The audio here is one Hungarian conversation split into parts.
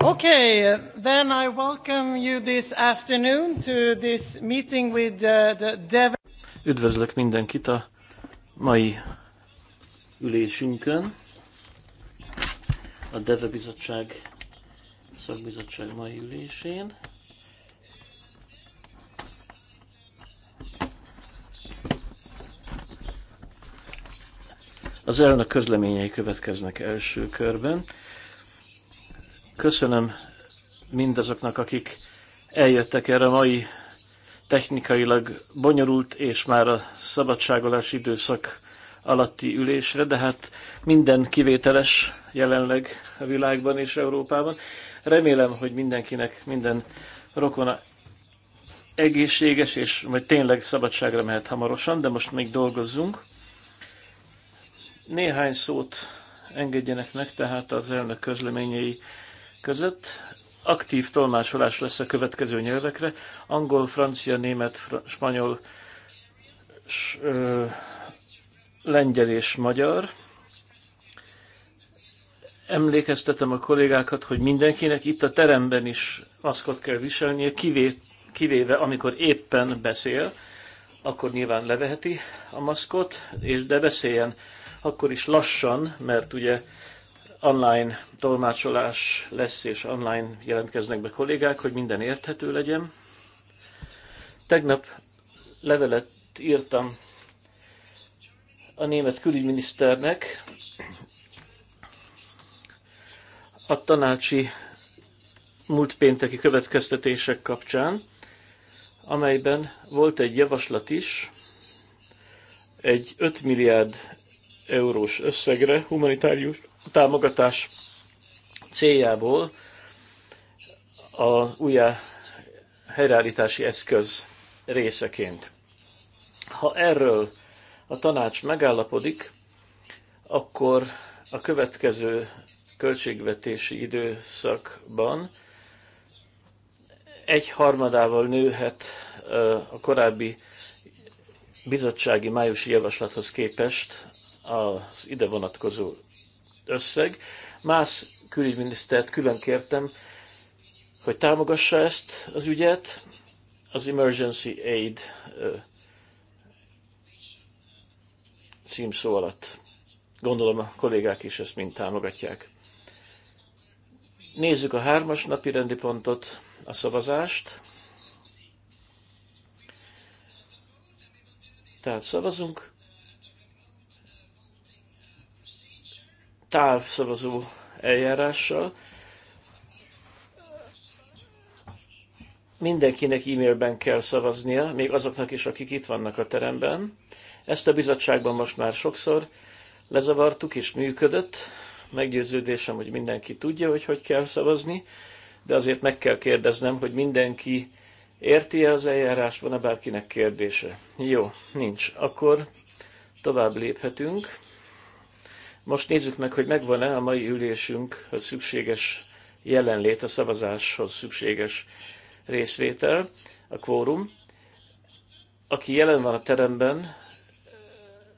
Okay, then I welcome you this afternoon to this meeting with uh, the, Dev. Üdvözlök mindenkit a mai ülésünkön. A Deve Bizottság szakbizottság mai ülésén. Az elnök közleményei következnek első körben. Köszönöm mindazoknak, akik eljöttek erre a mai technikailag bonyolult és már a szabadságolás időszak alatti ülésre, de hát minden kivételes jelenleg a világban és Európában. Remélem, hogy mindenkinek, minden rokona egészséges, és majd tényleg szabadságra mehet hamarosan, de most még dolgozzunk. Néhány szót engedjenek meg, tehát az elnök közleményei között. Aktív tolmácsolás lesz a következő nyelvekre. Angol, francia, német, fran- spanyol, s, ö, lengyel és magyar. Emlékeztetem a kollégákat, hogy mindenkinek itt a teremben is maszkot kell viselnie, kivé, kivéve amikor éppen beszél, akkor nyilván leveheti a maszkot, és de beszéljen akkor is lassan, mert ugye online tolmácsolás lesz, és online jelentkeznek be kollégák, hogy minden érthető legyen. Tegnap levelet írtam a német külügyminiszternek a tanácsi múlt pénteki következtetések kapcsán, amelyben volt egy javaslat is, egy 5 milliárd eurós összegre humanitárius támogatás céljából a újjá helyreállítási eszköz részeként. Ha erről a tanács megállapodik, akkor a következő költségvetési időszakban egy harmadával nőhet a korábbi bizottsági májusi javaslathoz képest az ide vonatkozó összeg. Más külügyminisztert külön kértem, hogy támogassa ezt az ügyet, az Emergency Aid címszó alatt. Gondolom a kollégák is ezt mind támogatják. Nézzük a hármas napi rendi pontot, a szavazást. Tehát szavazunk. távszavazó eljárással. Mindenkinek e-mailben kell szavaznia, még azoknak is, akik itt vannak a teremben. Ezt a bizottságban most már sokszor lezavartuk, és működött. Meggyőződésem, hogy mindenki tudja, hogy hogy kell szavazni, de azért meg kell kérdeznem, hogy mindenki érti -e az eljárást, van-e bárkinek kérdése? Jó, nincs. Akkor tovább léphetünk. Most nézzük meg, hogy megvan-e a mai a szükséges jelenlét, a szavazáshoz szükséges részvétel, a kvórum. Aki jelen van a teremben,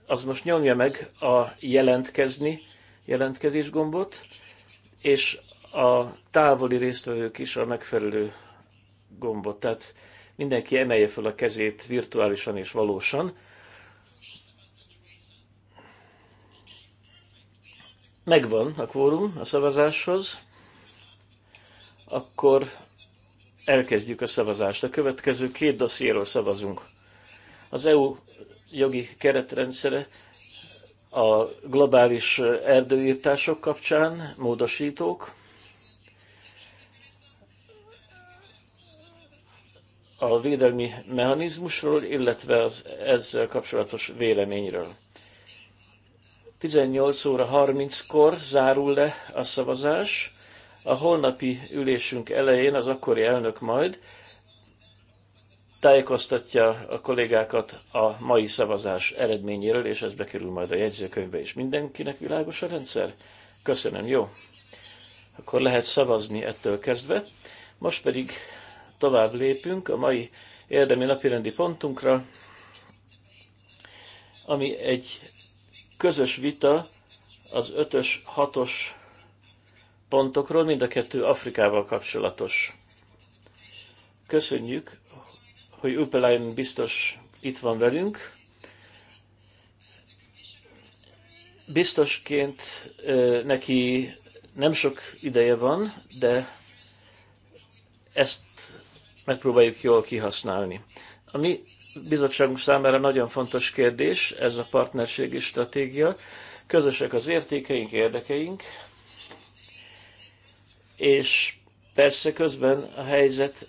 az most nyomja meg a jelentkezni, jelentkezés gombot, és a távoli résztvevők is a megfelelő gombot. Tehát mindenki emelje fel a kezét virtuálisan és valósan, megvan a kvórum a szavazáshoz, akkor elkezdjük a szavazást. A következő két dossziéről szavazunk. Az EU jogi keretrendszere a globális erdőírtások kapcsán módosítók, a védelmi mechanizmusról, illetve az ezzel kapcsolatos véleményről. 18 óra 30-kor zárul le a szavazás. A holnapi ülésünk elején az akkori elnök majd tájékoztatja a kollégákat a mai szavazás eredményéről, és ez bekerül majd a jegyzőkönyvbe is. Mindenkinek világos a rendszer? Köszönöm, jó. Akkor lehet szavazni ettől kezdve. Most pedig tovább lépünk a mai érdemi napirendi pontunkra, ami egy közös vita az ötös-hatos pontokról, mind a kettő Afrikával kapcsolatos. Köszönjük, hogy Upelein biztos itt van velünk. Biztosként neki nem sok ideje van, de ezt megpróbáljuk jól kihasználni. A mi bizottságunk számára nagyon fontos kérdés, ez a partnerségi stratégia. Közösek az értékeink, érdekeink, és persze közben a helyzet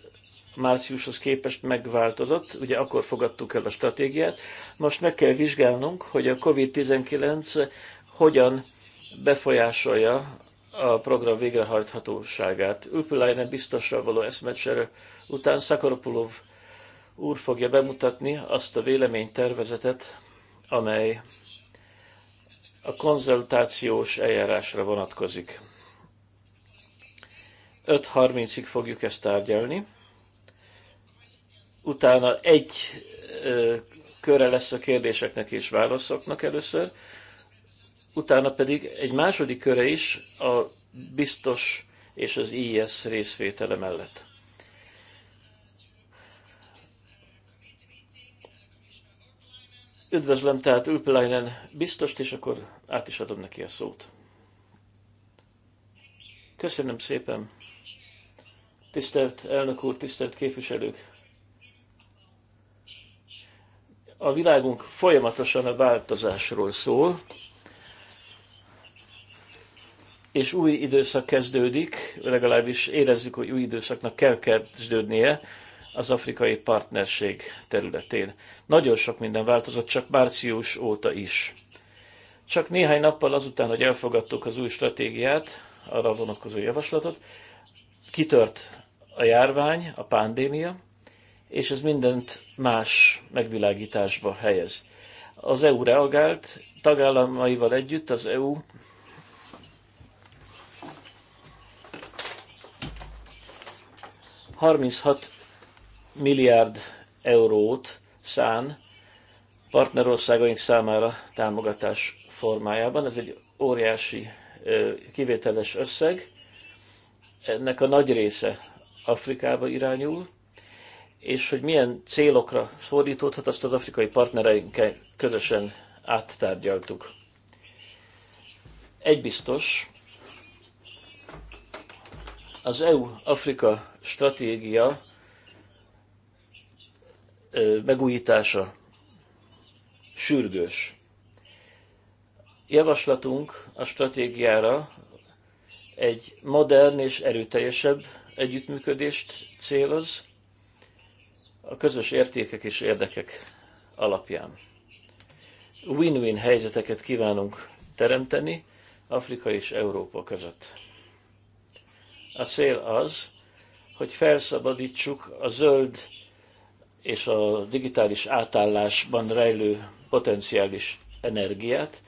márciushoz képest megváltozott, ugye akkor fogadtuk el a stratégiát. Most meg kell vizsgálnunk, hogy a COVID-19 hogyan befolyásolja a program végrehajthatóságát. Ülpülájne biztosra való eszmecsere után Szakoropulov úr fogja bemutatni azt a véleménytervezetet, amely a konzultációs eljárásra vonatkozik. 5.30-ig fogjuk ezt tárgyalni, utána egy ö, köre lesz a kérdéseknek és válaszoknak először, utána pedig egy második köre is a biztos és az IS részvétele mellett. Üdvözlöm tehát Ülpilajnen biztost, és akkor át is adom neki a szót. Köszönöm szépen. Tisztelt elnök úr, tisztelt képviselők. A világunk folyamatosan a változásról szól, és új időszak kezdődik, legalábbis érezzük, hogy új időszaknak kell kezdődnie, az afrikai partnerség területén. Nagyon sok minden változott, csak március óta is. Csak néhány nappal azután, hogy elfogadtuk az új stratégiát, arra vonatkozó javaslatot, kitört a járvány, a pandémia, és ez mindent más megvilágításba helyez. Az EU reagált, tagállamaival együtt az EU ...36 milliárd eurót szán partnerországaink számára támogatás formájában. Ez egy óriási kivételes összeg. Ennek a nagy része Afrikába irányul, és hogy milyen célokra fordítódhat, azt az afrikai partnereinkkel közösen áttárgyaltuk. Egy biztos, az EU-Afrika stratégia megújítása sürgős. Javaslatunk a stratégiára egy modern és erőteljesebb együttműködést céloz a közös értékek és érdekek alapján. Win-win helyzeteket kívánunk teremteni Afrika és Európa között. A cél az, hogy felszabadítsuk a zöld és a digitális átállásban rejlő potenciális energiát.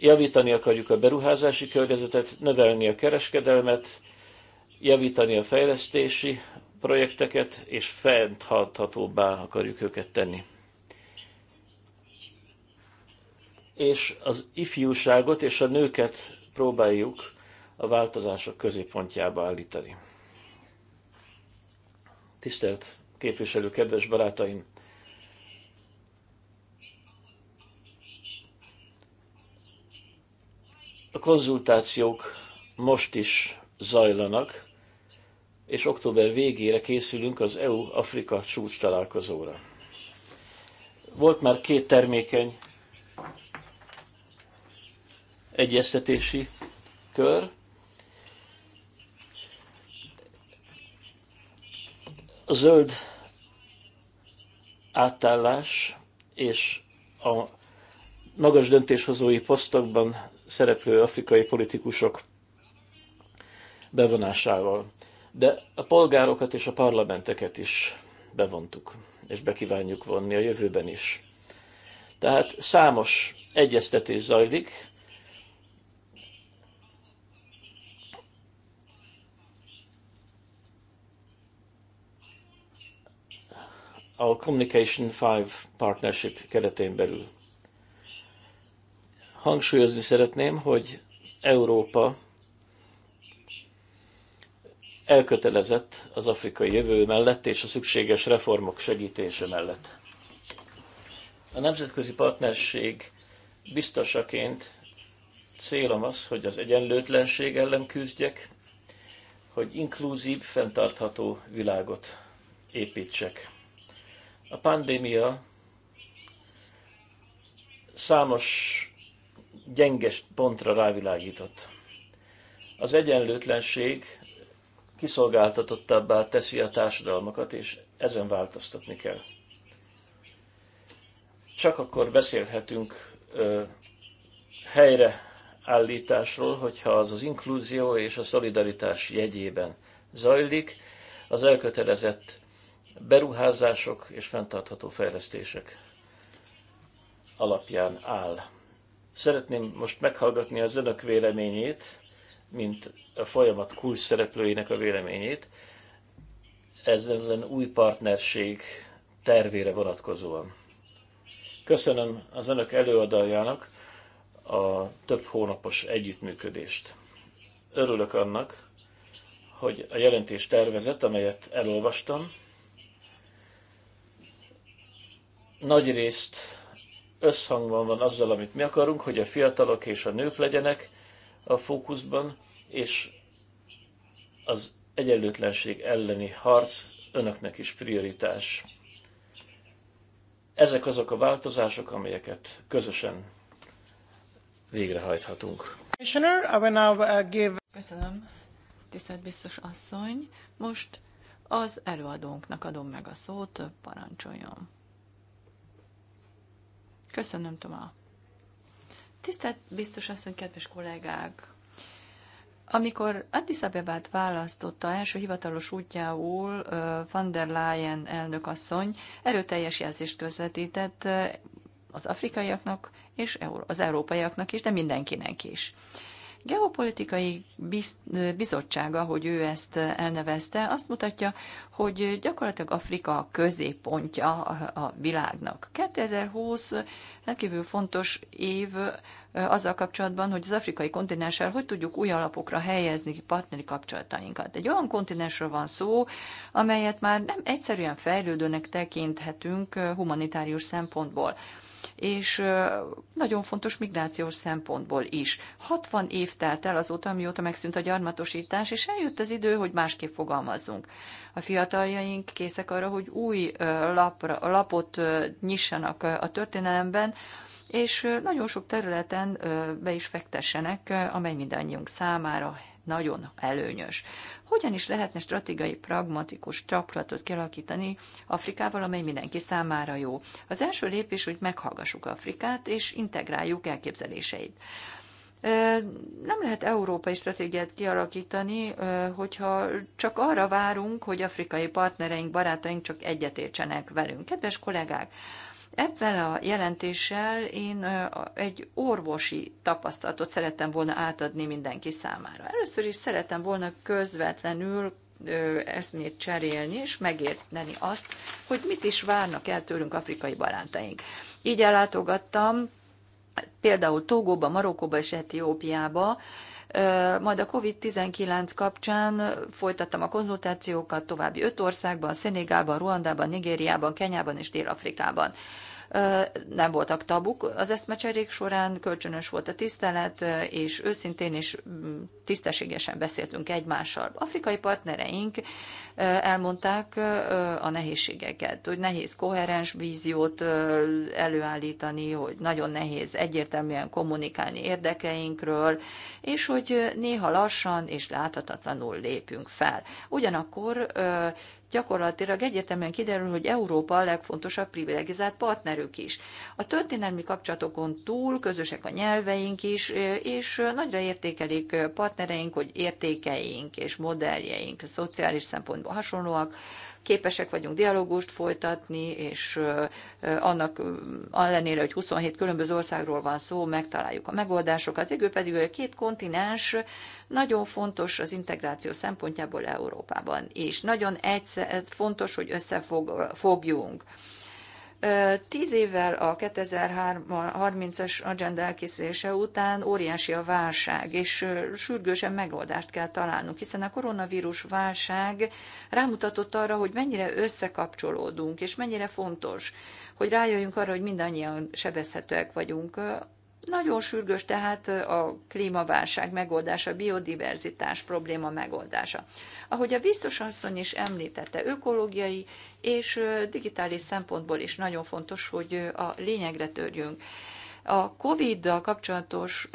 Javítani akarjuk a beruházási környezetet, növelni a kereskedelmet, javítani a fejlesztési projekteket, és fenthathatóbbá akarjuk őket tenni. És az ifjúságot és a nőket próbáljuk a változások középpontjába állítani. Tisztelt képviselő kedves barátaim! A konzultációk most is zajlanak, és október végére készülünk az EU-Afrika csúcs találkozóra. Volt már két termékeny egyeztetési kör. A zöld átállás és a magas döntéshozói posztokban szereplő afrikai politikusok bevonásával. De a polgárokat és a parlamenteket is bevontuk, és bekívánjuk vonni a jövőben is. Tehát számos egyeztetés zajlik, a Communication 5 Partnership keretén belül. Hangsúlyozni szeretném, hogy Európa elkötelezett az afrikai jövő mellett és a szükséges reformok segítése mellett. A nemzetközi partnerség biztosaként célom az, hogy az egyenlőtlenség ellen küzdjek, hogy inkluzív, fenntartható világot építsek. A pandémia számos gyenges pontra rávilágított. Az egyenlőtlenség kiszolgáltatottabbá teszi a társadalmakat, és ezen változtatni kell. Csak akkor beszélhetünk ö, helyreállításról, hogyha az az inkluzió és a szolidaritás jegyében zajlik, az elkötelezett beruházások és fenntartható fejlesztések alapján áll. Szeretném most meghallgatni az önök véleményét, mint a folyamat kulcs szereplőinek a véleményét, ez ezen új partnerség tervére vonatkozóan. Köszönöm az önök előadójának a több hónapos együttműködést. Örülök annak, hogy a jelentés tervezet, amelyet elolvastam, nagy részt összhangban van azzal, amit mi akarunk, hogy a fiatalok és a nők legyenek a fókuszban, és az egyenlőtlenség elleni harc önöknek is prioritás. Ezek azok a változások, amelyeket közösen végrehajthatunk. Uh, Köszönöm, tisztelt biztos asszony. Most az előadónknak adom meg a szót, parancsoljon. Köszönöm, Tomá. Tisztelt biztos asszony, kedves kollégák! Amikor Addis Abebát választotta első hivatalos útjául van der Leyen elnökasszony erőteljes jelzést közvetített az afrikaiaknak és az európaiaknak is, de mindenkinek is geopolitikai biz, bizottsága, hogy ő ezt elnevezte, azt mutatja, hogy gyakorlatilag Afrika a középpontja a, a világnak. 2020 rendkívül fontos év azzal kapcsolatban, hogy az afrikai kontinenssel hogy tudjuk új alapokra helyezni partneri kapcsolatainkat. Egy olyan kontinensről van szó, amelyet már nem egyszerűen fejlődőnek tekinthetünk humanitárius szempontból és nagyon fontos migrációs szempontból is. 60 év telt el azóta, mióta megszűnt a gyarmatosítás, és eljött az idő, hogy másképp fogalmazzunk. A fiataljaink készek arra, hogy új lapra, lapot nyissanak a történelemben, és nagyon sok területen be is fektessenek, amely mindannyiunk számára nagyon előnyös. Hogyan is lehetne stratégiai, pragmatikus csapatot kialakítani Afrikával, amely mindenki számára jó? Az első lépés, hogy meghallgassuk Afrikát, és integráljuk elképzeléseit. Nem lehet európai stratégiát kialakítani, hogyha csak arra várunk, hogy afrikai partnereink, barátaink csak egyetértsenek velünk. Kedves kollégák, Ebben a jelentéssel én egy orvosi tapasztalatot szerettem volna átadni mindenki számára. Először is szerettem volna közvetlenül eszmét cserélni, és megérteni azt, hogy mit is várnak el tőlünk afrikai barátaink. Így ellátogattam például Togóba, Marokkóba és Etiópiába, majd a COVID-19 kapcsán folytattam a konzultációkat további öt országban, Szenégálban, Ruandában, Nigériában, Kenyában és Dél-Afrikában nem voltak tabuk az eszmecserék során, kölcsönös volt a tisztelet, és őszintén és mm, tisztességesen beszéltünk egymással. Afrikai partnereink elmondták a nehézségeket, hogy nehéz koherens víziót előállítani, hogy nagyon nehéz egyértelműen kommunikálni érdekeinkről, és hogy néha lassan és láthatatlanul lépünk fel. Ugyanakkor gyakorlatilag egyértelműen kiderül, hogy Európa a legfontosabb privilegizált partnerük is. A történelmi kapcsolatokon túl közösek a nyelveink is, és nagyra értékelik partnereink, hogy értékeink és modelljeink szociális szempontból hasonlóak, képesek vagyunk dialógust folytatni, és annak ellenére, hogy 27 különböző országról van szó, megtaláljuk a megoldásokat. Végül pedig a két kontinens nagyon fontos az integráció szempontjából Európában, és nagyon egyszer, fontos, hogy összefogjunk. Tíz évvel a 2030-as agenda elkészülése után óriási a válság, és sürgősen megoldást kell találnunk, hiszen a koronavírus válság rámutatott arra, hogy mennyire összekapcsolódunk, és mennyire fontos, hogy rájöjjünk arra, hogy mindannyian sebezhetőek vagyunk nagyon sürgős tehát a klímaválság megoldása, a biodiverzitás probléma megoldása. Ahogy a biztos asszony is említette, ökológiai és digitális szempontból is nagyon fontos, hogy a lényegre törjünk. A COVID-dal kapcsolatos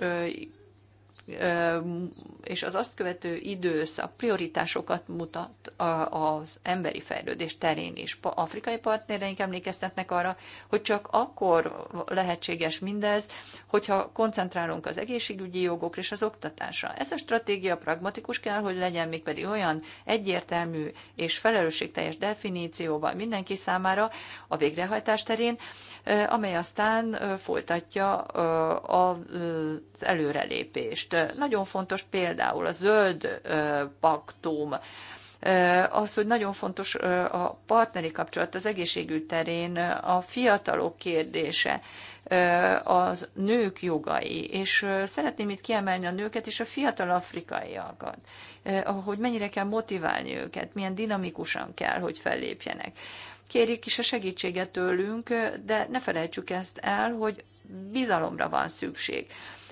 és az azt követő időszak prioritásokat mutat az emberi fejlődés terén is. Afrikai partnereink emlékeztetnek arra, hogy csak akkor lehetséges mindez, hogyha koncentrálunk az egészségügyi jogokra és az oktatásra. Ez a stratégia pragmatikus kell, hogy legyen még pedig olyan egyértelmű és felelősségteljes definícióval mindenki számára a végrehajtás terén, amely aztán folytatja az előrelépést. Nagyon fontos például a zöld paktum, az, hogy nagyon fontos a partneri kapcsolat az egészségügy terén, a fiatalok kérdése, az nők jogai, és szeretném itt kiemelni a nőket és a fiatal afrikaiakat, hogy mennyire kell motiválni őket, milyen dinamikusan kell, hogy fellépjenek kérik is a segítséget tőlünk, de ne felejtsük ezt el, hogy bizalomra van szükség.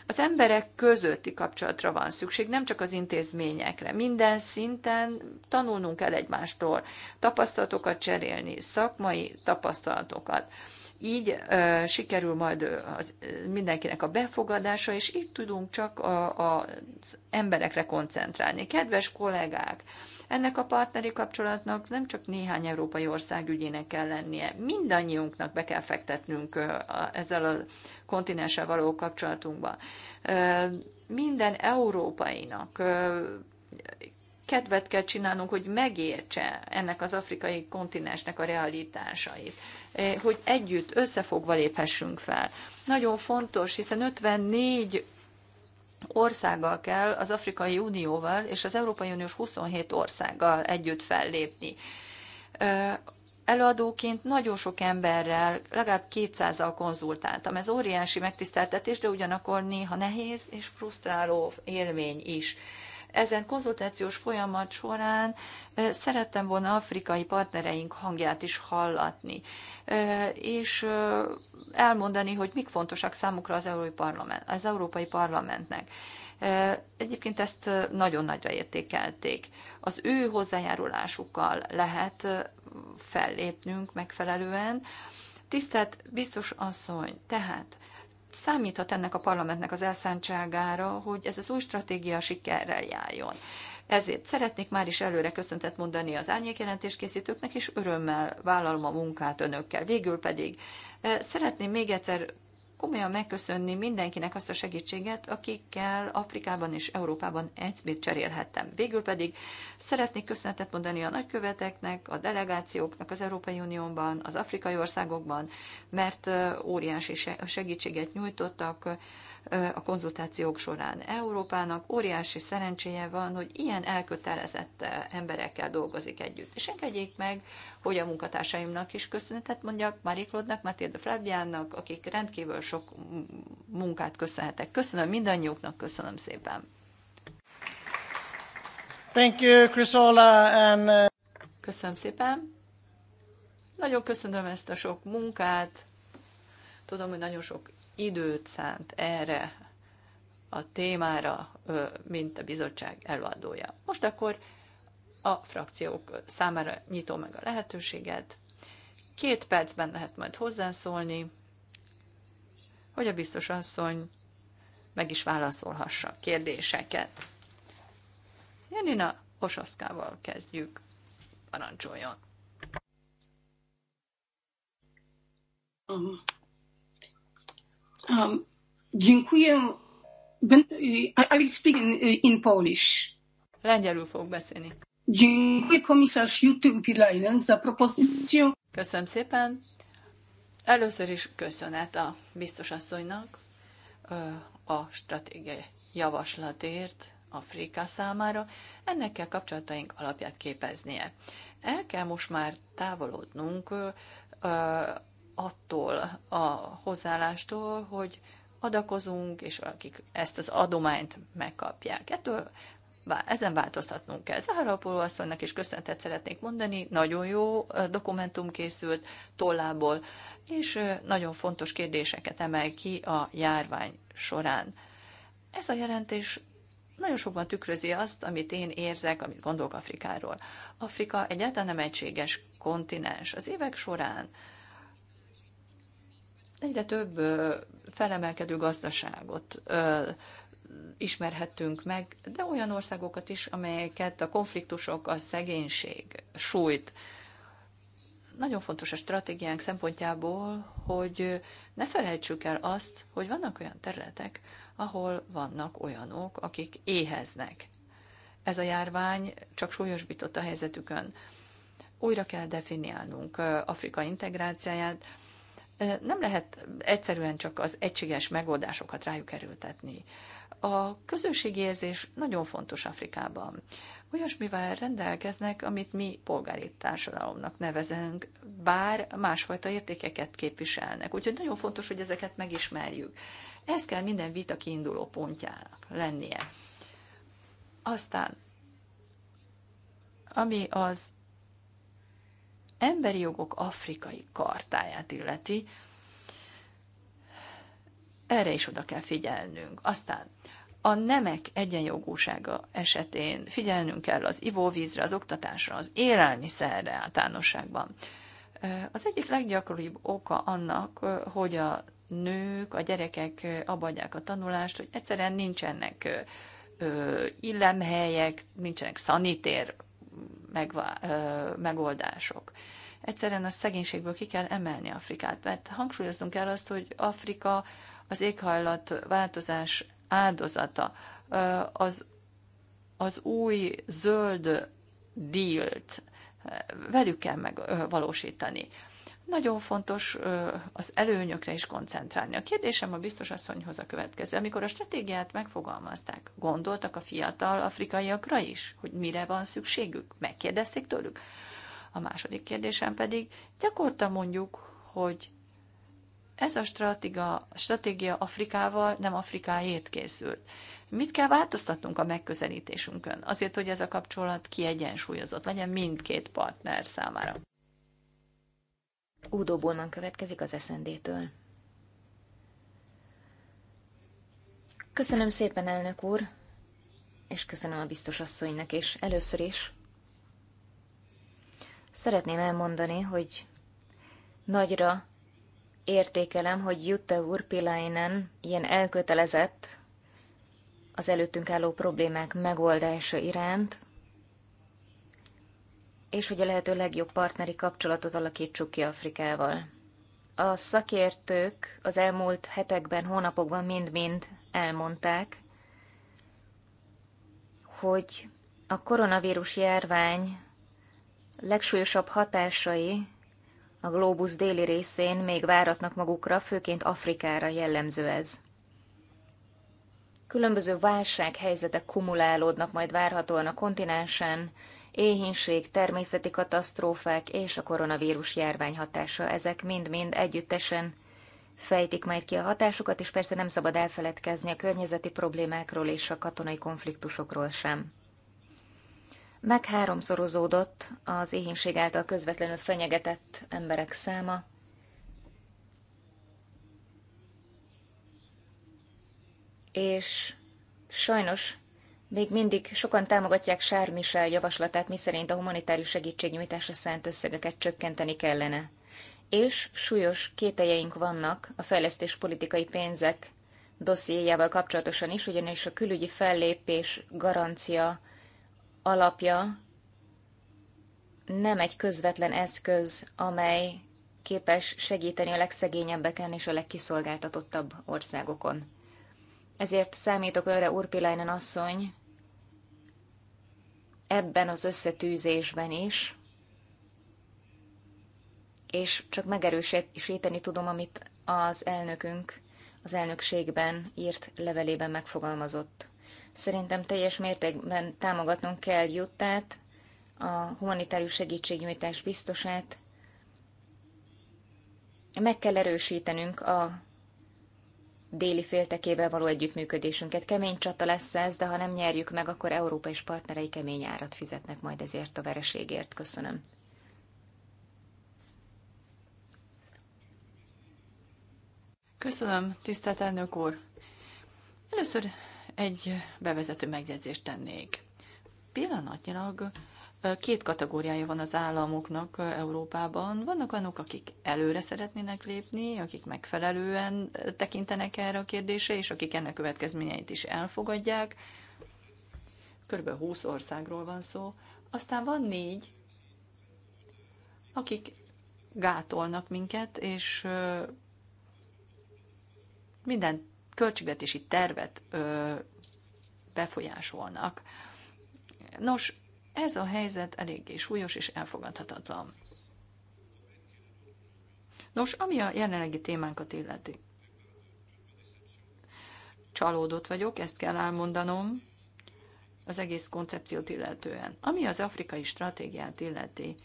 Az emberek közötti kapcsolatra van szükség, nem csak az intézményekre. Minden szinten tanulnunk kell egymástól, tapasztalatokat cserélni, szakmai tapasztalatokat. Így ö, sikerül majd az, mindenkinek a befogadása, és így tudunk csak a, a, az emberekre koncentrálni. Kedves kollégák, ennek a partneri kapcsolatnak nem csak néhány európai ország ügyének kell lennie, mindannyiunknak be kell fektetnünk ezzel a kontinenssel való kapcsolatunkba. Minden európainak kedvet kell csinálnunk, hogy megértse ennek az afrikai kontinensnek a realitásait, eh, hogy együtt összefogva léphessünk fel. Nagyon fontos, hiszen 54 országgal kell, az Afrikai Unióval és az Európai Uniós 27 országgal együtt fellépni. Eh, előadóként nagyon sok emberrel, legalább 200-al konzultáltam. Ez óriási megtiszteltetés, de ugyanakkor néha nehéz és frusztráló élmény is. Ezen konzultációs folyamat során szerettem volna afrikai partnereink hangját is hallatni, és elmondani, hogy mik fontosak számukra az Európai, Parlament, az Európai Parlamentnek. Egyébként ezt nagyon nagyra értékelték. Az ő hozzájárulásukkal lehet fellépnünk megfelelően. Tisztelt biztos asszony, tehát számíthat ennek a parlamentnek az elszántságára, hogy ez az új stratégia sikerrel járjon. Ezért szeretnék már is előre köszöntet mondani az készítőknek és örömmel vállalom a munkát önökkel. Végül pedig eh, szeretném még egyszer komolyan megköszönni mindenkinek azt a segítséget, akikkel Afrikában és Európában eszmét cserélhettem. Végül pedig szeretnék köszönetet mondani a nagyköveteknek, a delegációknak az Európai Unióban, az afrikai országokban, mert óriási segítséget nyújtottak a konzultációk során Európának. Óriási szerencséje van, hogy ilyen elkötelezett emberekkel dolgozik együtt. És engedjék meg, hogy a munkatársaimnak is köszönetet mondjak, Marie Claude-nak, Matilda Flabiánnak, akik rendkívül sok munkát köszönhetek. Köszönöm mindannyiuknak, köszönöm szépen. Thank you, Chrisola, and... Uh, köszönöm szépen. Nagyon köszönöm ezt a sok munkát. Tudom, hogy nagyon sok időt szánt erre a témára, mint a bizottság előadója. Most akkor a frakciók számára nyitom meg a lehetőséget. Két percben lehet majd hozzászólni, hogy a biztos asszony meg is válaszolhassa a kérdéseket. Janina Osaszkával kezdjük. Parancsoljon! Um, um, dziękuję. I will speak in, in Polish. Lengyelül fog beszélni. Dziękuję komisarz Juttőpilainen za propozycję. Köszönöm szépen. Először is köszönet a biztos asszonynak a stratégiai javaslatért Afrika számára. Ennek kell kapcsolataink alapját képeznie. El kell most már távolodnunk attól a hozzáállástól, hogy adakozunk, és akik ezt az adományt megkapják. Ettől ezen változtatnunk kell. Zára asszonynak is köszöntet szeretnék mondani, nagyon jó dokumentum készült tollából, és nagyon fontos kérdéseket emel ki a járvány során. Ez a jelentés nagyon sokban tükrözi azt, amit én érzek, amit gondolok Afrikáról. Afrika egyáltalán nem egységes kontinens. Az évek során egyre több felemelkedő gazdaságot ismerhettünk meg, de olyan országokat is, amelyeket a konfliktusok, a szegénység sújt. Nagyon fontos a stratégiánk szempontjából, hogy ne felejtsük el azt, hogy vannak olyan területek, ahol vannak olyanok, akik éheznek. Ez a járvány csak súlyosbított a helyzetükön. Újra kell definiálnunk Afrika integrációját. Nem lehet egyszerűen csak az egységes megoldásokat rájuk erőltetni a közösségi érzés nagyon fontos Afrikában. Olyasmivel rendelkeznek, amit mi polgári társadalomnak nevezünk, bár másfajta értékeket képviselnek. Úgyhogy nagyon fontos, hogy ezeket megismerjük. Ez kell minden vita kiinduló pontjának lennie. Aztán, ami az emberi jogok afrikai kartáját illeti, erre is oda kell figyelnünk. Aztán a nemek egyenjogúsága esetén figyelnünk kell az ivóvízre, az oktatásra, az élelmiszerre általánosságban. Az egyik leggyakoribb oka annak, hogy a nők, a gyerekek abadják a tanulást, hogy egyszerűen nincsenek illemhelyek, nincsenek szanitér megoldások. Egyszerűen a szegénységből ki kell emelni Afrikát, mert hangsúlyoznunk kell azt, hogy Afrika az éghajlat változás áldozata. Az, az új zöld dílt velük kell megvalósítani. Nagyon fontos az előnyökre is koncentrálni. A kérdésem a biztos asszonyhoz a következő. Amikor a stratégiát megfogalmazták, gondoltak a fiatal afrikaiakra is, hogy mire van szükségük? Megkérdezték tőlük? A második kérdésem pedig, gyakorta mondjuk, hogy ez a stratégia, stratégia Afrikával, nem Afrikáért készült. Mit kell változtatnunk a megközelítésünkön, azért, hogy ez a kapcsolat kiegyensúlyozott legyen mindkét partner számára? Udo Bullman következik az eszendétől. Köszönöm szépen, elnök úr, és köszönöm a biztos asszonynak is. Először is szeretném elmondani, hogy nagyra értékelem, hogy Jutta Urpilainen ilyen elkötelezett az előttünk álló problémák megoldása iránt, és hogy a lehető legjobb partneri kapcsolatot alakítsuk ki Afrikával. A szakértők az elmúlt hetekben, hónapokban mind-mind elmondták, hogy a koronavírus járvány legsúlyosabb hatásai a glóbusz déli részén még váratnak magukra, főként Afrikára jellemző ez. Különböző válsághelyzetek kumulálódnak majd várhatóan a kontinensen, éhínség, természeti katasztrófák és a koronavírus járvány hatása, ezek mind-mind együttesen fejtik majd ki a hatásukat, és persze nem szabad elfeledkezni a környezeti problémákról és a katonai konfliktusokról sem. Megháromszorozódott háromszorozódott az éhínség által közvetlenül fenyegetett emberek száma. És sajnos még mindig sokan támogatják Sár Michel javaslatát, miszerint a humanitárius segítségnyújtásra szánt összegeket csökkenteni kellene. És súlyos kételjeink vannak a fejlesztéspolitikai pénzek dossziéjával kapcsolatosan is, ugyanis a külügyi fellépés garancia alapja nem egy közvetlen eszköz, amely képes segíteni a legszegényebbeken és a legkiszolgáltatottabb országokon. Ezért számítok önre, Urpilainen asszony, ebben az összetűzésben is, és csak megerősíteni tudom, amit az elnökünk az elnökségben írt levelében megfogalmazott. Szerintem teljes mértékben támogatnunk kell Juttát, a humanitárius segítségnyújtás biztosát. Meg kell erősítenünk a déli féltekével való együttműködésünket. Kemény csata lesz ez, de ha nem nyerjük meg, akkor Európa és partnerei kemény árat fizetnek majd ezért a vereségért. Köszönöm. Köszönöm, tisztelt elnök úr. Először egy bevezető megjegyzést tennék. Pillanatnyilag két kategóriája van az államoknak Európában. Vannak annak, akik előre szeretnének lépni, akik megfelelően tekintenek erre a kérdésre, és akik ennek következményeit is elfogadják. Körülbelül 20 országról van szó. Aztán van négy, akik gátolnak minket, és mindent költségvetési tervet ö, befolyásolnak. Nos, ez a helyzet eléggé súlyos és elfogadhatatlan. Nos, ami a jelenlegi témánkat illeti. Csalódott vagyok, ezt kell elmondanom, az egész koncepciót illetően. Ami az afrikai stratégiát illeti,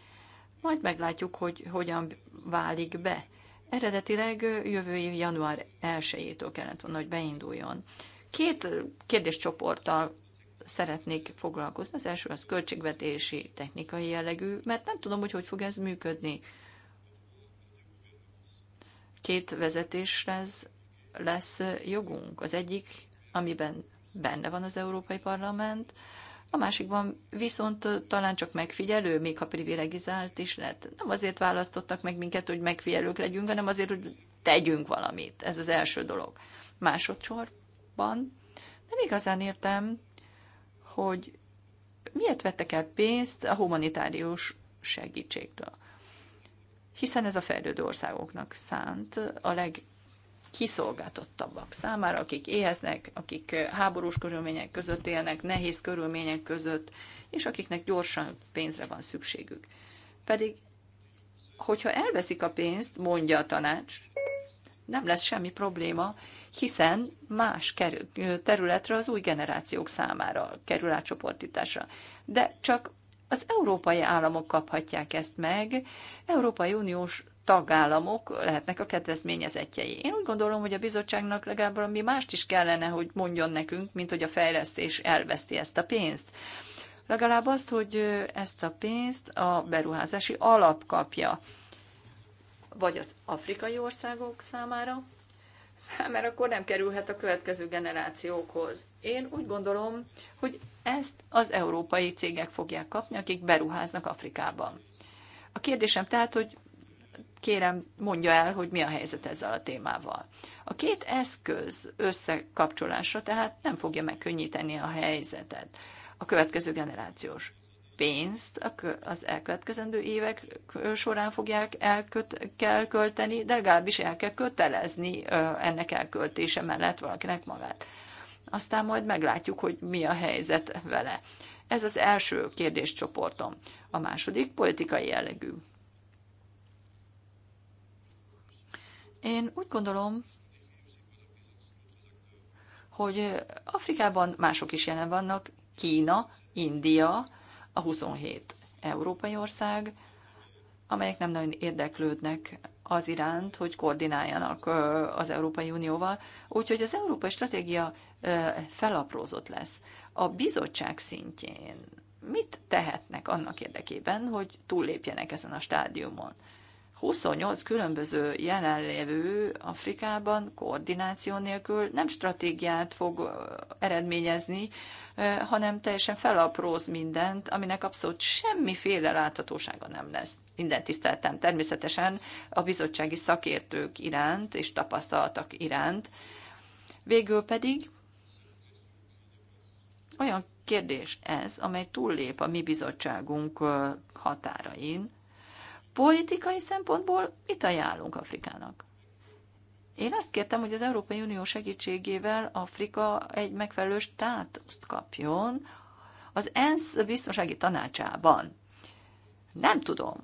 majd meglátjuk, hogy hogyan válik be Eredetileg jövő év január 1-től kellett volna, hogy beinduljon. Két kérdéscsoporttal szeretnék foglalkozni. Az első az költségvetési, technikai jellegű, mert nem tudom, hogy hogy fog ez működni. Két vezetésre ez lesz jogunk. Az egyik, amiben benne van az Európai Parlament, a másikban viszont talán csak megfigyelő, még ha privilegizált is lett. Nem azért választottak meg minket, hogy megfigyelők legyünk, hanem azért, hogy tegyünk valamit. Ez az első dolog. Másodszorban nem igazán értem, hogy miért vettek el pénzt a humanitárius segítségtől. Hiszen ez a fejlődő országoknak szánt a leg kiszolgáltottabbak számára, akik éheznek, akik háborús körülmények között élnek, nehéz körülmények között, és akiknek gyorsan pénzre van szükségük. Pedig, hogyha elveszik a pénzt, mondja a tanács, nem lesz semmi probléma, hiszen más területre az új generációk számára kerül átcsoportításra. De csak az európai államok kaphatják ezt meg, Európai Uniós tagállamok lehetnek a kedvezményezetjei. Én úgy gondolom, hogy a bizottságnak legalább valami mást is kellene, hogy mondjon nekünk, mint hogy a fejlesztés elveszti ezt a pénzt. Legalább azt, hogy ezt a pénzt a beruházási alap kapja, vagy az afrikai országok számára, mert akkor nem kerülhet a következő generációkhoz. Én úgy gondolom, hogy ezt az európai cégek fogják kapni, akik beruháznak Afrikában. A kérdésem tehát, hogy kérem mondja el, hogy mi a helyzet ezzel a témával. A két eszköz összekapcsolása tehát nem fogja megkönnyíteni a helyzetet. A következő generációs pénzt az elkövetkezendő évek során fogják elköt, kell költeni, de legalábbis el kell kötelezni ennek elköltése mellett valakinek magát. Aztán majd meglátjuk, hogy mi a helyzet vele. Ez az első kérdéscsoportom. A második politikai jellegű. Én úgy gondolom, hogy Afrikában mások is jelen vannak, Kína, India, a 27 európai ország, amelyek nem nagyon érdeklődnek az iránt, hogy koordináljanak az Európai Unióval. Úgyhogy az európai stratégia felaprózott lesz. A bizottság szintjén mit tehetnek annak érdekében, hogy túllépjenek ezen a stádiumon? 28 különböző jelenlévő Afrikában koordináció nélkül nem stratégiát fog eredményezni, hanem teljesen felapróz mindent, aminek abszolút semmiféle láthatósága nem lesz. Minden tiszteltem természetesen a bizottsági szakértők iránt és tapasztalatok iránt. Végül pedig olyan kérdés ez, amely túllép a mi bizottságunk határain, Politikai szempontból mit ajánlunk Afrikának? Én azt kértem, hogy az Európai Unió segítségével Afrika egy megfelelő státuszt kapjon az ENSZ biztonsági tanácsában. Nem tudom,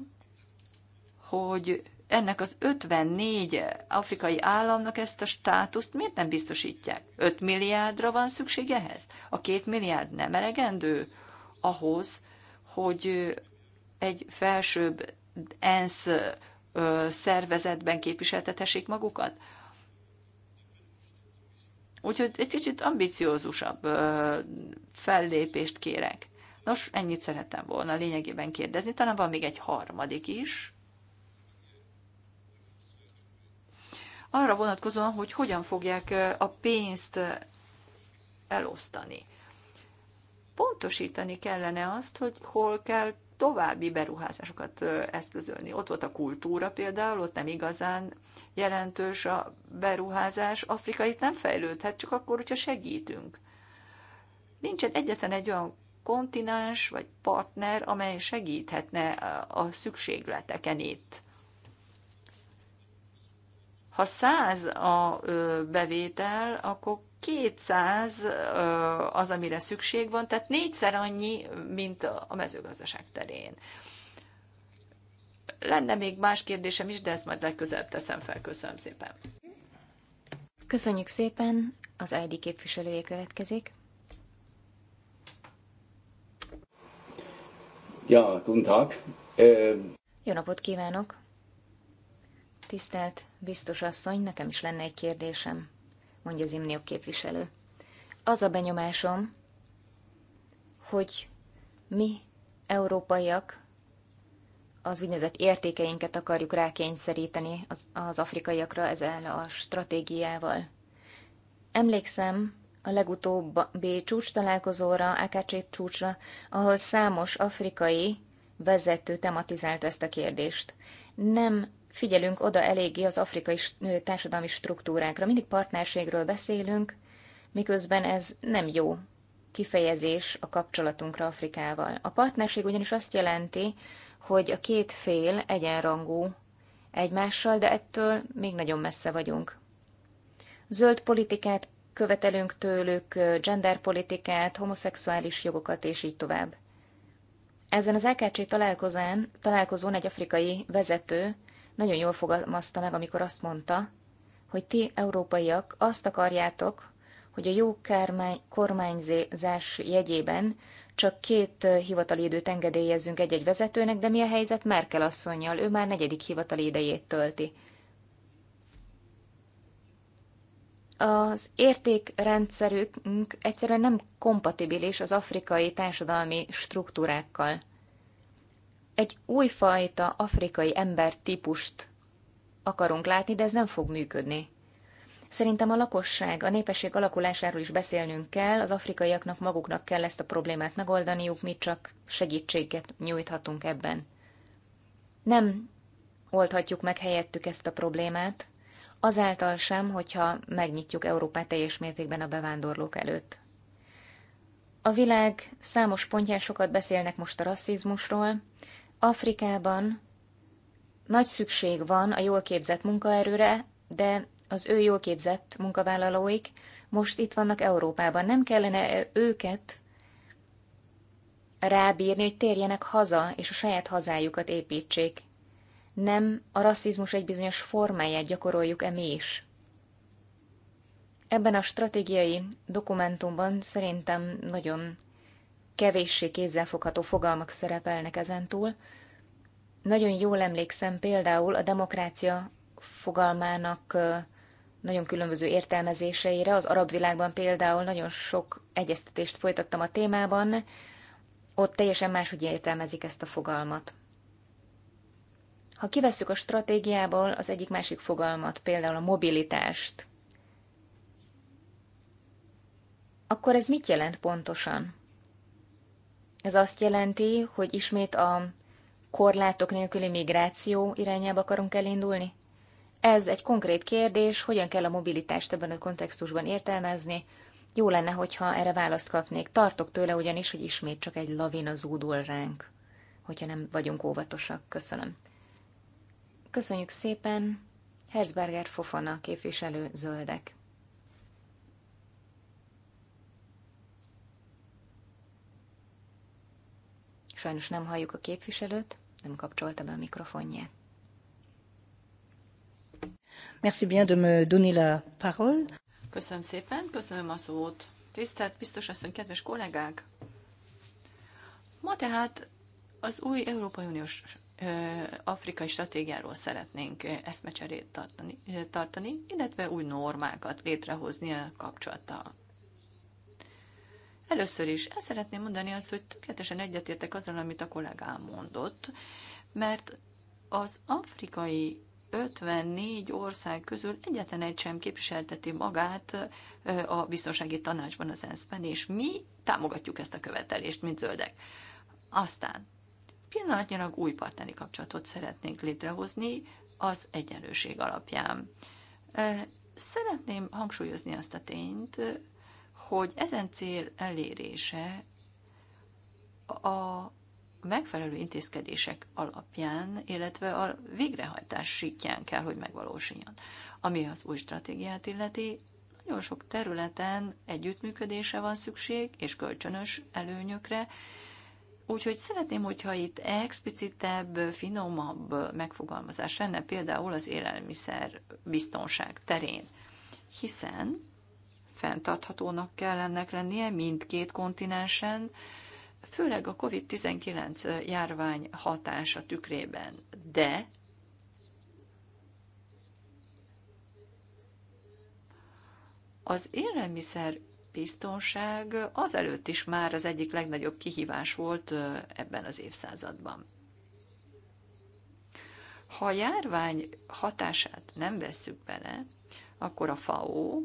hogy ennek az 54 afrikai államnak ezt a státuszt miért nem biztosítják? 5 milliárdra van szükség ehhez? A 2 milliárd nem elegendő ahhoz, hogy egy felsőbb ENSZ szervezetben képviseltetessék magukat. Úgyhogy egy kicsit ambiciózusabb fellépést kérek. Nos, ennyit szerettem volna lényegében kérdezni. Talán van még egy harmadik is. Arra vonatkozóan, hogy hogyan fogják a pénzt elosztani. Pontosítani kellene azt, hogy hol kell további beruházásokat eszközölni. Ott volt a kultúra például, ott nem igazán jelentős a beruházás. Afrika itt nem fejlődhet, csak akkor, hogyha segítünk. Nincsen egyetlen egy olyan kontinens vagy partner, amely segíthetne a szükségleteken itt. Ha 100 a bevétel, akkor 200 az, amire szükség van, tehát négyszer annyi, mint a mezőgazdaság terén. Lenne még más kérdésem is, de ezt majd legközelebb teszem fel. Köszönöm szépen. Köszönjük szépen. Az ID képviselője következik. Ja, guten Tag. Ö... Jó napot kívánok! Tisztelt biztos asszony, nekem is lenne egy kérdésem, mondja az imniok képviselő. Az a benyomásom, hogy mi, európaiak, az úgynevezett értékeinket akarjuk rákényszeríteni az, az afrikaiakra ezzel a stratégiával. Emlékszem a legutóbbi csúcs találkozóra, AKC csúcsra, ahol számos afrikai vezető tematizált ezt a kérdést. Nem figyelünk oda eléggé az afrikai társadalmi struktúrákra. Mindig partnerségről beszélünk, miközben ez nem jó kifejezés a kapcsolatunkra Afrikával. A partnerség ugyanis azt jelenti, hogy a két fél egyenrangú egymással, de ettől még nagyon messze vagyunk. Zöld politikát követelünk tőlük, genderpolitikát, homoszexuális jogokat és így tovább. Ezen az LKC találkozán, találkozón egy afrikai vezető nagyon jól fogalmazta meg, amikor azt mondta, hogy ti, európaiak, azt akarjátok, hogy a jó kormányzás jegyében csak két hivatali időt engedélyezünk egy-egy vezetőnek, de mi a helyzet Merkel asszonynal? Ő már negyedik hivatali idejét tölti. Az értékrendszerünk egyszerűen nem kompatibilis az afrikai társadalmi struktúrákkal egy újfajta afrikai ember típust akarunk látni, de ez nem fog működni. Szerintem a lakosság, a népesség alakulásáról is beszélnünk kell, az afrikaiaknak maguknak kell ezt a problémát megoldaniuk, mi csak segítséget nyújthatunk ebben. Nem oldhatjuk meg helyettük ezt a problémát, azáltal sem, hogyha megnyitjuk Európát teljes mértékben a bevándorlók előtt. A világ számos pontján sokat beszélnek most a rasszizmusról, Afrikában nagy szükség van a jól képzett munkaerőre, de az ő jól képzett munkavállalóik most itt vannak Európában. Nem kellene őket rábírni, hogy térjenek haza, és a saját hazájukat építsék. Nem a rasszizmus egy bizonyos formáját gyakoroljuk-e mi is? Ebben a stratégiai dokumentumban szerintem nagyon kevéssé kézzelfogható fogalmak szerepelnek ezentúl. Nagyon jól emlékszem például a demokrácia fogalmának nagyon különböző értelmezéseire. Az arab világban például nagyon sok egyeztetést folytattam a témában, ott teljesen máshogy értelmezik ezt a fogalmat. Ha kivesszük a stratégiából az egyik-másik fogalmat, például a mobilitást, akkor ez mit jelent pontosan? Ez azt jelenti, hogy ismét a korlátok nélküli migráció irányába akarunk elindulni? Ez egy konkrét kérdés, hogyan kell a mobilitást ebben a kontextusban értelmezni. Jó lenne, hogyha erre választ kapnék. Tartok tőle ugyanis, hogy ismét csak egy lavina zúdul ránk, hogyha nem vagyunk óvatosak. Köszönöm. Köszönjük szépen. Herzberger Fofana képviselő zöldek. Sajnos nem halljuk a képviselőt, nem kapcsolta be a mikrofonját. Merci bien de me donner la parole. Köszönöm szépen, köszönöm a szót. Tisztelt biztos asszony, kedves kollégák! Ma tehát az új Európai Uniós afrikai stratégiáról szeretnénk eszmecserét tartani, tartani, illetve új normákat létrehozni a kapcsolattal Először is el szeretném mondani azt, hogy tökéletesen egyetértek azzal, amit a kollégám mondott, mert az afrikai 54 ország közül egyetlen egy sem képviselteti magát a biztonsági tanácsban az ENSZ-ben, és mi támogatjuk ezt a követelést, mint zöldek. Aztán pillanatnyilag új partneri kapcsolatot szeretnénk létrehozni az egyenlőség alapján. Szeretném hangsúlyozni azt a tényt, hogy ezen cél elérése a megfelelő intézkedések alapján, illetve a végrehajtás síkján kell, hogy megvalósuljon. Ami az új stratégiát illeti, nagyon sok területen együttműködése van szükség, és kölcsönös előnyökre, Úgyhogy szeretném, hogyha itt explicitebb, finomabb megfogalmazás lenne, például az élelmiszer biztonság terén. Hiszen fenntarthatónak kell ennek lennie mindkét kontinensen, főleg a COVID-19 járvány hatása tükrében. De az élelmiszer biztonság azelőtt is már az egyik legnagyobb kihívás volt ebben az évszázadban. Ha a járvány hatását nem vesszük bele, akkor a FAO,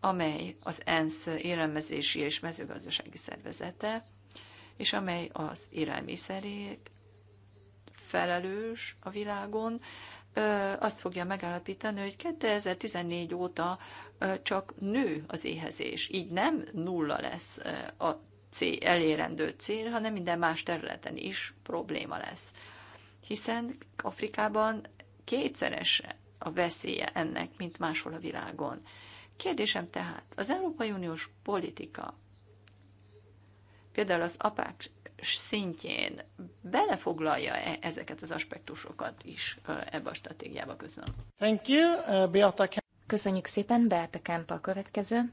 amely az ENSZ élelmezési és mezőgazdasági szervezete, és amely az élelmiszerért felelős a világon, azt fogja megállapítani, hogy 2014 óta csak nő az éhezés. Így nem nulla lesz a cél, elérendő cél, hanem minden más területen is probléma lesz. Hiszen Afrikában kétszeres a veszélye ennek, mint máshol a világon. Kérdésem tehát, az Európai Uniós politika például az apák szintjén belefoglalja -e ezeket az aspektusokat is ebbe a stratégiába? Köszönöm. Thank you, uh, Beata Kemp. Köszönjük szépen, Beata Kemp a következő.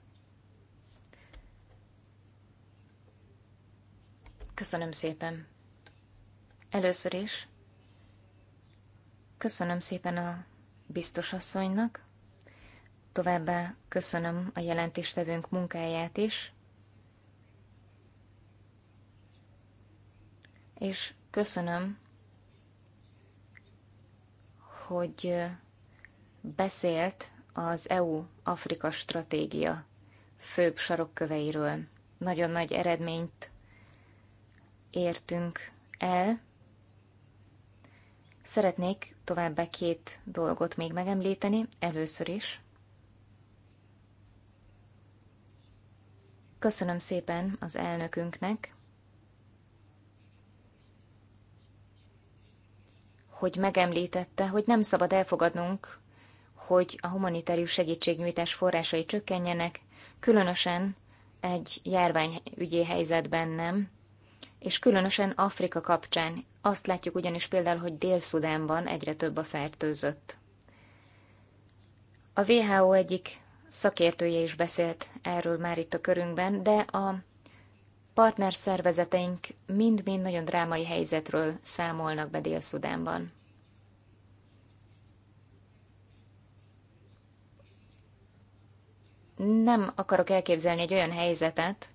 Köszönöm szépen. Először is köszönöm szépen a biztos asszonynak. Továbbá köszönöm a jelentéstevőnk munkáját is, és köszönöm, hogy beszélt az EU-Afrika stratégia főbb sarokköveiről. Nagyon nagy eredményt értünk el, Szeretnék továbbá két dolgot még megemlíteni. Először is köszönöm szépen az elnökünknek, hogy megemlítette, hogy nem szabad elfogadnunk, hogy a humanitárius segítségnyújtás forrásai csökkenjenek, különösen egy járványügyi helyzetben nem, és különösen Afrika kapcsán azt látjuk ugyanis például, hogy Dél-Szudánban egyre több a fertőzött. A WHO egyik szakértője is beszélt erről már itt a körünkben, de a partner szervezeteink mind-mind nagyon drámai helyzetről számolnak be Dél-Szudánban. Nem akarok elképzelni egy olyan helyzetet,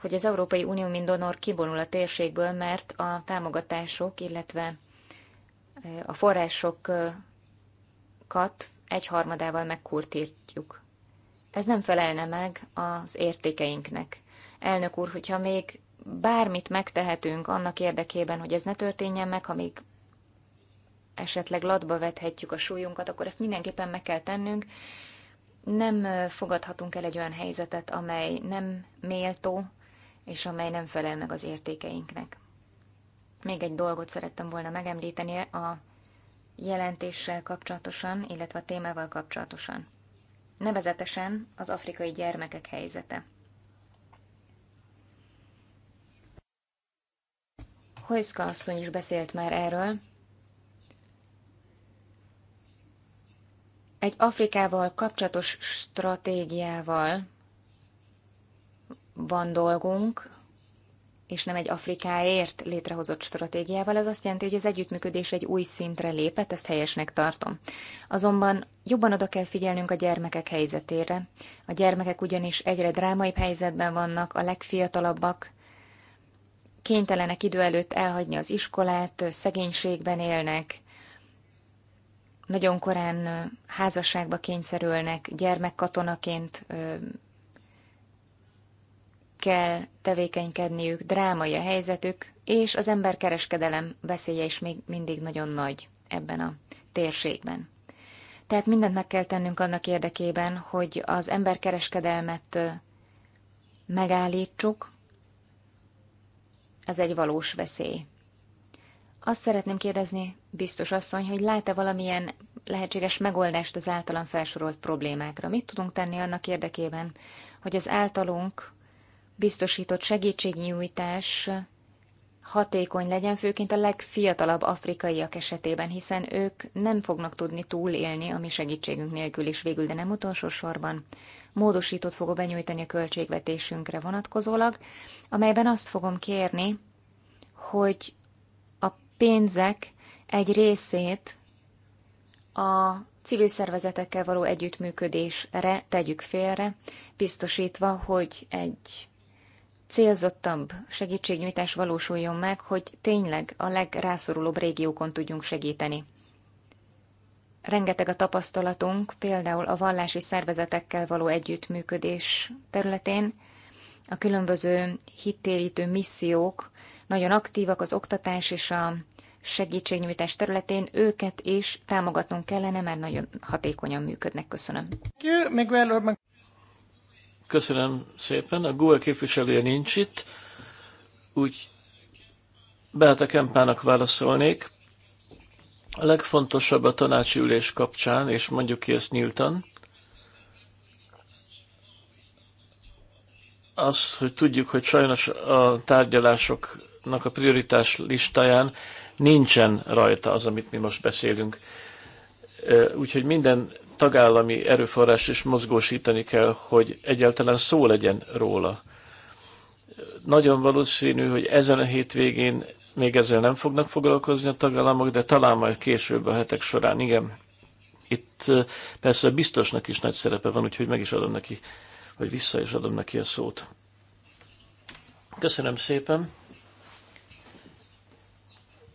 hogy az Európai Unió mint donor kivonul a térségből, mert a támogatások, illetve a forrásokat egyharmadával megkurtítjuk. Ez nem felelne meg az értékeinknek. Elnök úr, hogyha még bármit megtehetünk annak érdekében, hogy ez ne történjen meg, ha még esetleg latba vethetjük a súlyunkat, akkor ezt mindenképpen meg kell tennünk. Nem fogadhatunk el egy olyan helyzetet, amely nem méltó és amely nem felel meg az értékeinknek. Még egy dolgot szerettem volna megemlíteni a jelentéssel kapcsolatosan, illetve a témával kapcsolatosan. Nevezetesen az afrikai gyermekek helyzete. Hojszka asszony is beszélt már erről. Egy Afrikával kapcsolatos stratégiával van dolgunk, és nem egy Afrikáért létrehozott stratégiával, ez azt jelenti, hogy az együttműködés egy új szintre lépett, ezt helyesnek tartom. Azonban jobban oda kell figyelnünk a gyermekek helyzetére. A gyermekek ugyanis egyre drámaibb helyzetben vannak, a legfiatalabbak kénytelenek idő előtt elhagyni az iskolát, szegénységben élnek, nagyon korán házasságba kényszerülnek, gyermekkatonaként kell tevékenykedniük, drámai a helyzetük, és az emberkereskedelem veszélye is még mindig nagyon nagy ebben a térségben. Tehát mindent meg kell tennünk annak érdekében, hogy az emberkereskedelmet megállítsuk, ez egy valós veszély. Azt szeretném kérdezni, biztos asszony, hogy lát-e valamilyen lehetséges megoldást az általam felsorolt problémákra? Mit tudunk tenni annak érdekében, hogy az általunk biztosított segítségnyújtás hatékony legyen, főként a legfiatalabb afrikaiak esetében, hiszen ők nem fognak tudni túlélni a mi segítségünk nélkül, és végül, de nem utolsó sorban módosítót fogok benyújtani a költségvetésünkre vonatkozólag, amelyben azt fogom kérni, hogy a pénzek egy részét a civil szervezetekkel való együttműködésre tegyük félre, biztosítva, hogy egy célzottabb segítségnyújtás valósuljon meg, hogy tényleg a legrászorulóbb régiókon tudjunk segíteni. Rengeteg a tapasztalatunk, például a vallási szervezetekkel való együttműködés területén, a különböző hittérítő missziók nagyon aktívak az oktatás és a segítségnyújtás területén, őket is támogatnunk kellene, mert nagyon hatékonyan működnek. Köszönöm. Köszönöm szépen. A GUE képviselője nincs itt, úgy Beáta Kempának válaszolnék. A legfontosabb a tanácsi ülés kapcsán, és mondjuk ki ezt nyíltan, az, hogy tudjuk, hogy sajnos a tárgyalásoknak a prioritás listáján nincsen rajta az, amit mi most beszélünk. Úgyhogy minden tagállami erőforrás is mozgósítani kell, hogy egyáltalán szó legyen róla. Nagyon valószínű, hogy ezen a hétvégén még ezzel nem fognak foglalkozni a tagállamok, de talán majd később a hetek során, igen. Itt persze biztosnak is nagy szerepe van, úgyhogy meg is adom neki, hogy vissza is adom neki a szót. Köszönöm szépen!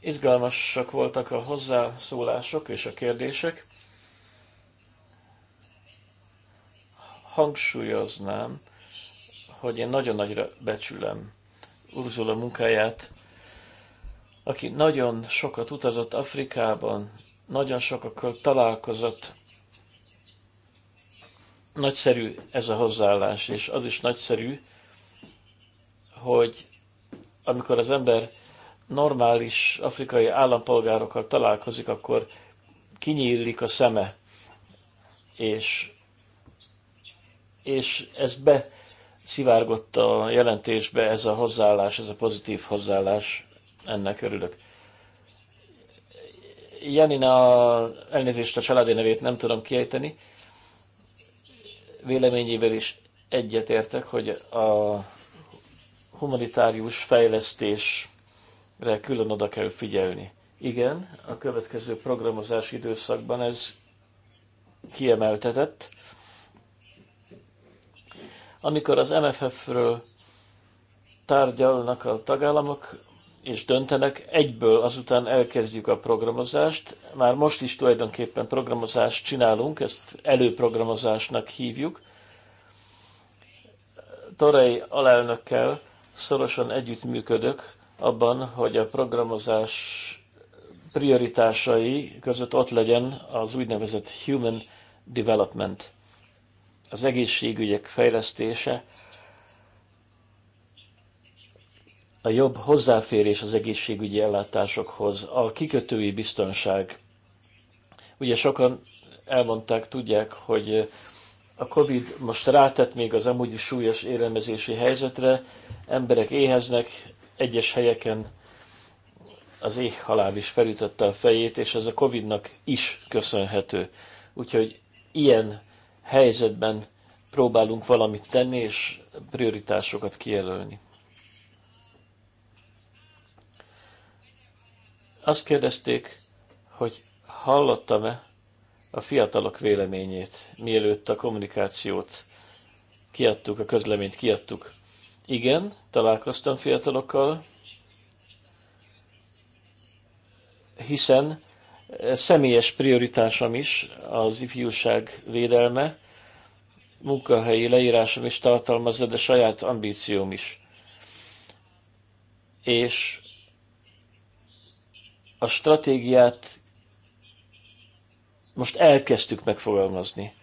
Izgalmasak voltak a hozzászólások és a kérdések. hangsúlyoznám, hogy én nagyon nagyra becsülem Urzula munkáját, aki nagyon sokat utazott Afrikában, nagyon sokakkal találkozott. Nagyszerű ez a hozzáállás, és az is nagyszerű, hogy amikor az ember normális afrikai állampolgárokkal találkozik, akkor kinyílik a szeme, és és ez be szivárgott a jelentésbe ez a hozzáállás, ez a pozitív hozzáállás, ennek örülök. Janina, elnézést a családi nevét nem tudom kiejteni, véleményével is egyetértek, hogy a humanitárius fejlesztésre külön oda kell figyelni. Igen, a következő programozási időszakban ez kiemeltetett, amikor az MFF-ről tárgyalnak a tagállamok, és döntenek, egyből azután elkezdjük a programozást. Már most is tulajdonképpen programozást csinálunk, ezt előprogramozásnak hívjuk. Torei alelnökkel szorosan együttműködök abban, hogy a programozás prioritásai között ott legyen az úgynevezett Human Development az egészségügyek fejlesztése, a jobb hozzáférés az egészségügyi ellátásokhoz, a kikötői biztonság. Ugye sokan elmondták, tudják, hogy a Covid most rátett még az amúgy súlyos élelmezési helyzetre, emberek éheznek, egyes helyeken az éhhalál is felütötte a fejét, és ez a Covidnak is köszönhető. Úgyhogy ilyen helyzetben próbálunk valamit tenni, és prioritásokat kijelölni. Azt kérdezték, hogy hallottam-e a fiatalok véleményét, mielőtt a kommunikációt kiadtuk, a közleményt kiadtuk. Igen, találkoztam fiatalokkal, hiszen Személyes prioritásom is az ifjúság védelme, munkahelyi leírásom is tartalmazza, de saját ambícióm is. És a stratégiát most elkezdtük megfogalmazni.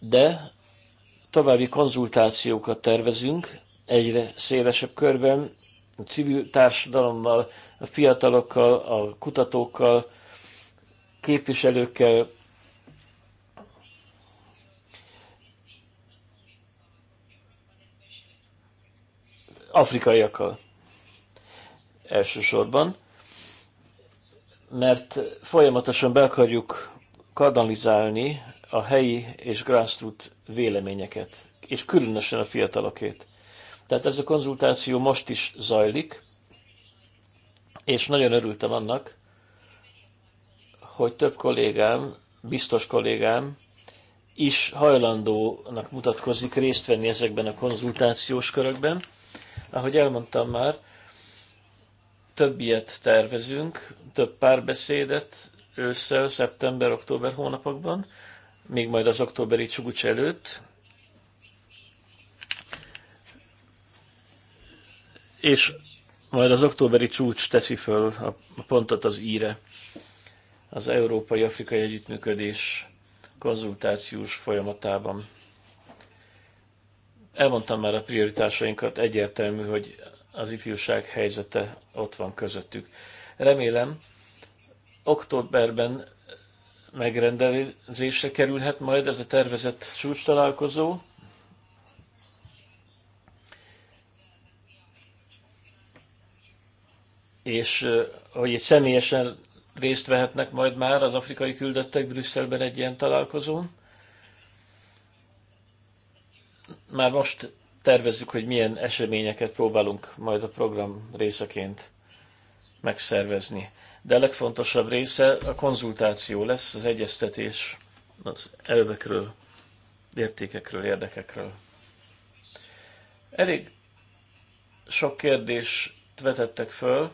De további konzultációkat tervezünk egyre szélesebb körben, a civil társadalommal, a fiatalokkal, a kutatókkal, képviselőkkel. Afrikaiakkal elsősorban, mert folyamatosan be akarjuk kardalizálni a helyi és grassroot véleményeket, és különösen a fiatalokét. Tehát ez a konzultáció most is zajlik, és nagyon örültem annak, hogy több kollégám, biztos kollégám is hajlandónak mutatkozik részt venni ezekben a konzultációs körökben. Ahogy elmondtam már, több ilyet tervezünk, több párbeszédet ősszel, szeptember, október hónapokban, még majd az októberi csúcs előtt, és majd az októberi csúcs teszi föl a pontot az íre. Az Európai-Afrikai Együttműködés konzultációs folyamatában. Elmondtam már a prioritásainkat, egyértelmű, hogy az ifjúság helyzete ott van közöttük. Remélem, októberben megrendelésre kerülhet majd ez a tervezett csúcs találkozó, és hogy itt személyesen részt vehetnek majd már az afrikai küldöttek Brüsszelben egy ilyen találkozón. Már most tervezzük, hogy milyen eseményeket próbálunk majd a program részeként megszervezni. De a legfontosabb része a konzultáció lesz, az egyeztetés az elvekről, értékekről, érdekekről. Elég sok kérdést vetettek föl,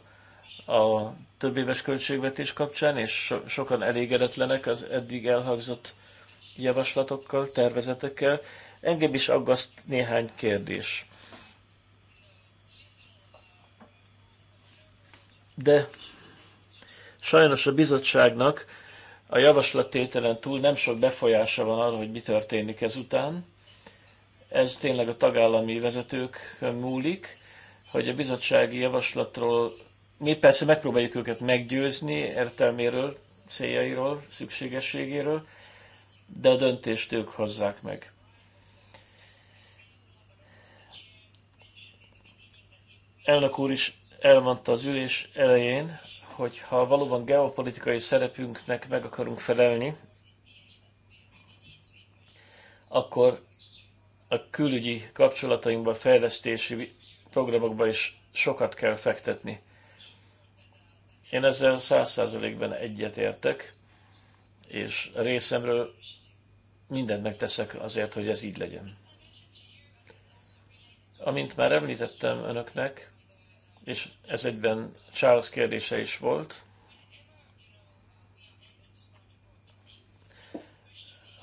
a több éves költségvetés kapcsán, és sokan elégedetlenek az eddig elhangzott javaslatokkal, tervezetekkel. Engem is aggaszt néhány kérdés. De sajnos a bizottságnak a javaslattételen túl nem sok befolyása van arra, hogy mi történik ezután. Ez tényleg a tagállami vezetők múlik, hogy a bizottsági javaslatról mi persze megpróbáljuk őket meggyőzni értelméről, céljairól, szükségességéről, de a döntést ők hozzák meg. Elnök úr is elmondta az ülés elején, hogy ha valóban geopolitikai szerepünknek meg akarunk felelni, akkor a külügyi kapcsolatainkba, fejlesztési programokba is sokat kell fektetni. Én ezzel száz százalékben egyetértek, és részemről mindent megteszek azért, hogy ez így legyen. Amint már említettem önöknek, és ez egyben Charles kérdése is volt,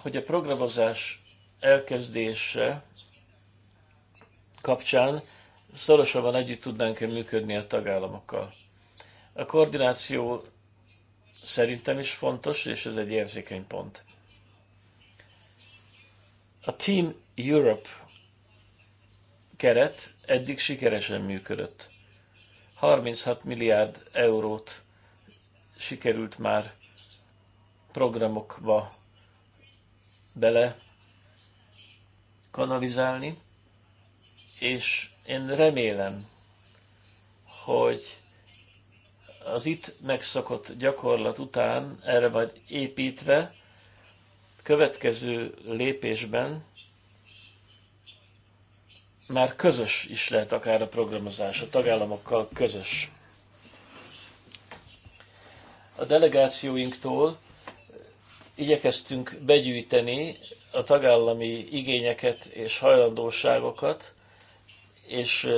hogy a programozás elkezdése kapcsán szorosabban együtt tudnánk működni a tagállamokkal. A koordináció szerintem is fontos, és ez egy érzékeny pont. A Team Europe keret eddig sikeresen működött. 36 milliárd eurót sikerült már programokba bele kanalizálni, és én remélem, hogy az itt megszokott gyakorlat után erre vagy építve, következő lépésben már közös is lehet akár a programozás, a tagállamokkal közös. A delegációinktól igyekeztünk begyűjteni a tagállami igényeket és hajlandóságokat, és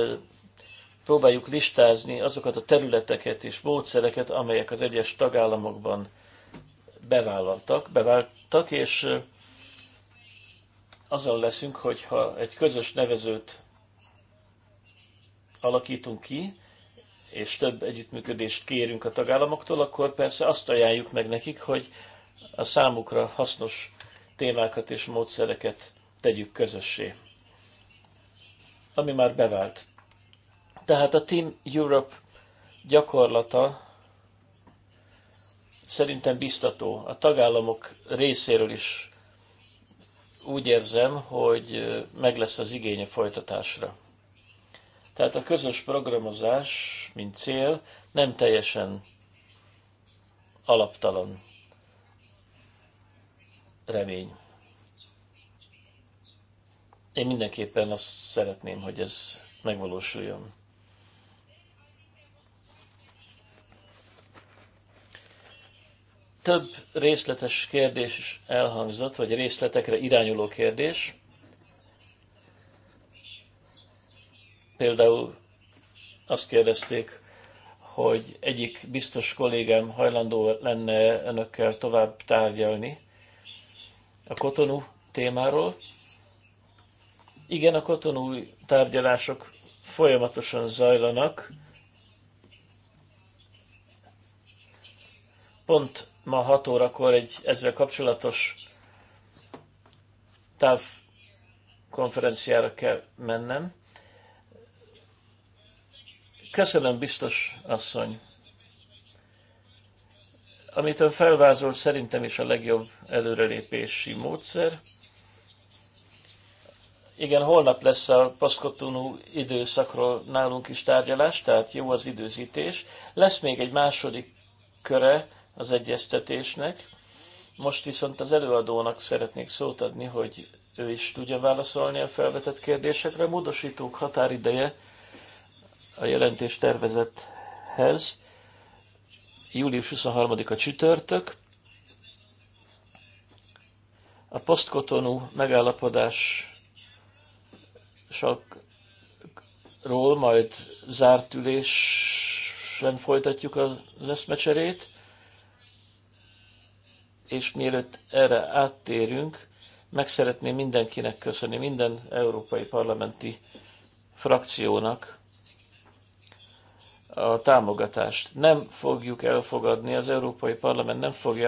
próbáljuk listázni azokat a területeket és módszereket, amelyek az egyes tagállamokban bevállaltak, beváltak, és azon leszünk, hogyha egy közös nevezőt alakítunk ki, és több együttműködést kérünk a tagállamoktól, akkor persze azt ajánljuk meg nekik, hogy a számukra hasznos témákat és módszereket tegyük közössé, ami már bevált tehát a Team Europe gyakorlata szerintem biztató. A tagállamok részéről is úgy érzem, hogy meg lesz az igénye folytatásra. Tehát a közös programozás, mint cél, nem teljesen alaptalan remény. Én mindenképpen azt szeretném, hogy ez megvalósuljon. Több részletes kérdés is elhangzott, vagy részletekre irányuló kérdés. Például azt kérdezték, hogy egyik biztos kollégám hajlandó lenne önökkel tovább tárgyalni a kotonú témáról. Igen, a kotonú tárgyalások folyamatosan zajlanak. Pont ma 6 órakor egy ezzel kapcsolatos távkonferenciára kell mennem. Köszönöm, biztos asszony. Amit ön felvázolt szerintem is a legjobb előrelépési módszer. Igen, holnap lesz a paszkotunú időszakról nálunk is tárgyalás, tehát jó az időzítés. Lesz még egy második köre az egyeztetésnek. Most viszont az előadónak szeretnék szót adni, hogy ő is tudja válaszolni a felvetett kérdésekre. Módosítók határideje a jelentés tervezethez július 23-a csütörtök. A posztkotonú megállapodásról majd zárt ülésen folytatjuk az eszmecserét és mielőtt erre áttérünk, meg szeretném mindenkinek köszönni, minden európai parlamenti frakciónak a támogatást. Nem fogjuk elfogadni, az Európai Parlament nem fogja